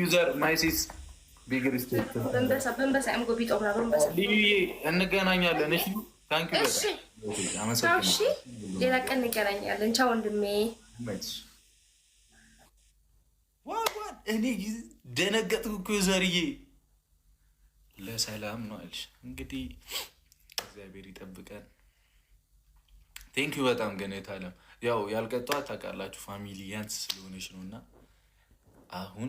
ዩዘር ማይሲስ እንገናኛለን። ሌላ ቀን እንገናኛለን። ቻው ወንድሜ። እኔ ደነገጥኩ እኮ ዘርዬ። ለሰላም ነው አልሽ። እንግዲህ እግዚአብሔር ይጠብቀን። ቴንኪዩ በጣም ገነት የታለም ያው ያልቀጠዋት ታውቃላችሁ ፋሚሊ ያንስ ስለሆነች ነው። እና አሁን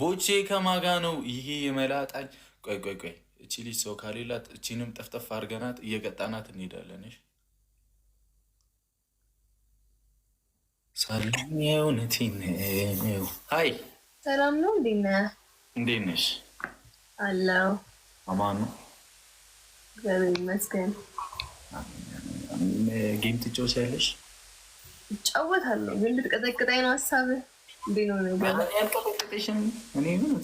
ቦቼ ከማጋ ነው ይሄ የመላጣኝ። ቆይ ቆይ ቆይ እቺ ልጅ ሰው ካሌላት እቺንም ጠፍጠፍ አድርገናት እየቀጣናት እንሄዳለን። እሺ ሰላም የእውነቴን ነው። አይ ሰላም ነው። እንዴት ነህ? እንዴት ነሽ? አለው አማን ነው። እግዚአብሔር ይመስገን። ጌም ትጫወቻለሽ? እጫወታለሁ፣ ግን ልትቀጠቅጠኝ ነው ሀሳብህ። እንዴት ነው ነገር? አልቀጠቅጥሽም።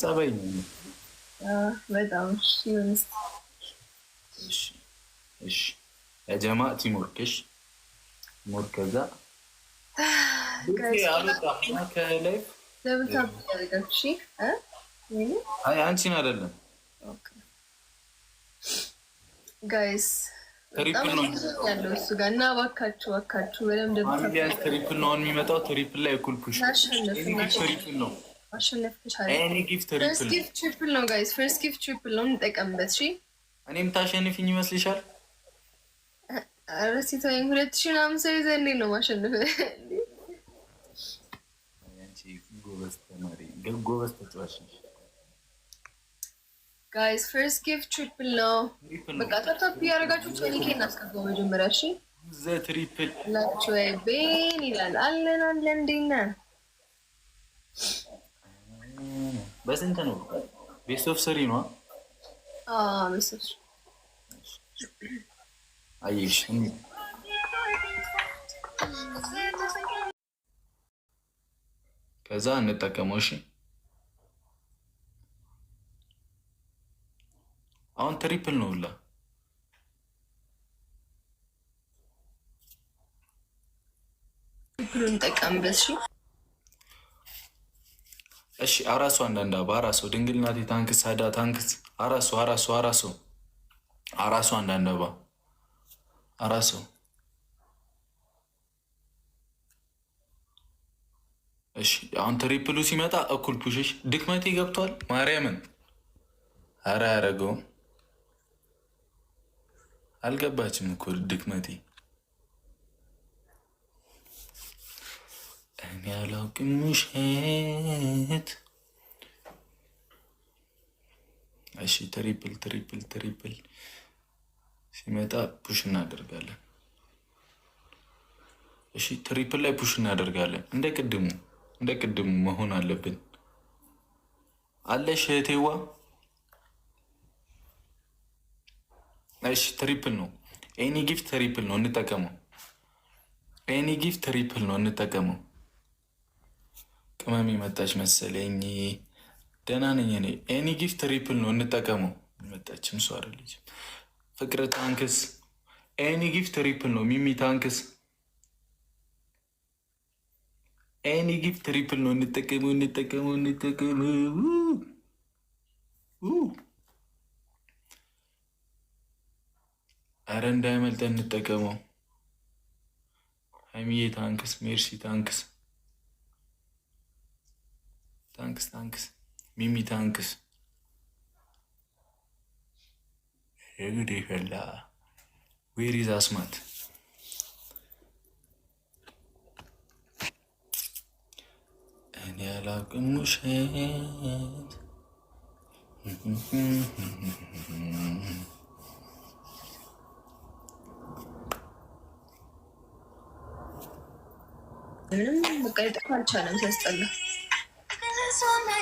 ጸባይ ነው በጣም ጀማ ቲሞርክሽ ሞር ከዛ አንቺን አይደለም ጋይስ ትሪፕል ነው ያለው እሱ ጋር እና እባካችሁ እባካችሁ በደምብ ደግሞ ትሪፕል ነው አሁን የሚመጣው። ትሪፕል ላይ እኩል ፑሽ ትሪፕል ነው ማሸነፍ ትሪፕል ነው ጋይስ፣ ፈርስት ጊፍት ትሪፕል ነው እንጠቀምበት። እሺ እኔም ታሸንፊኝ ይመስልሻል? ኧረ ሴት ወይም ሁለት ሺህ ምናምን ሰው ይዘህ እንዴት ነው ማሸንፍ ጎበዝ ተማሪ፣ ጎበዝ ተጫዋች ነሽ ጋይስ ፈርስት ጊፍት ትሪፕል ነው። በቃ ታፕታፕ እያደረጋችሁ ቶኒኬ እናስገባው መጀመሪያ። እሺ ዘ ትሪፕል ላችሁ ቤን ይላል። አለን አለን፣ እንዴት ነህ? በስንት ነው? ቤስት ኦፍ ስሪ ነው። አዎ ቤስት አየሽ ከዛ እንጠቀመው። እሺ አሁን ትሪፕል ነው ሁላ እሺ አራሱ አንዳንዳ በአራሱ አራሱ ድንግል ናቴ ታንክስ አዳ ታንክስ አራሱ አራሱ አራሱ አራሱ አንዳንዳ ባ አራሱ እሺ አሁን ትሪፕሉ ሲመጣ እኩል ፑሽሽ ድክመቴ ገብቷል። ማርያምን አረ አያረገውም አልገባችም እኮ ድክመቴ። እኔ አላውቅም ውሸት። እሺ ትሪፕል ትሪፕል ትሪፕል ሲመጣ ፑሽ እናደርጋለን። እሺ ትሪፕል ላይ ፑሽ እናደርጋለን። እንደ ቅድሙ እንደ ቅድሙ መሆን አለብን። አለሽ እህቴዋ እሺ ትሪፕል ነው። ኤኒ ጊፍት ትሪፕል ነው እንጠቀመው። ኤኒ ጊፍት ትሪፕል ነው እንጠቀመው። ቅመም መጣች መሰለኝ። ደህና ነኝ እኔ። ኤኒ ጊፍት ትሪፕል ነው እንጠቀመው። መጣችም ሰው አይደለችም። ፍቅር ታንክስ። ኤኒ ጊፍት ትሪፕል ነው። ሚሚ ታንክስ። ኤኒ ጊፍት ትሪፕል ነው እንጠቀመው፣ እንጠቀመው፣ እንጠቀመው አረ እንዳይመልጠ እንጠቀመው። ሀይሚዬ ታንክስ፣ ሜርሲ ታንክስ፣ ታንክስ፣ ታንክስ፣ ሚሚ ታንክስ። የግድ ይፈላ ዌሪዝ አስማት እኔ አላውቅም ውሸት ምንም በቃ ሊጠፋ አልቻለም ሲያስጠላ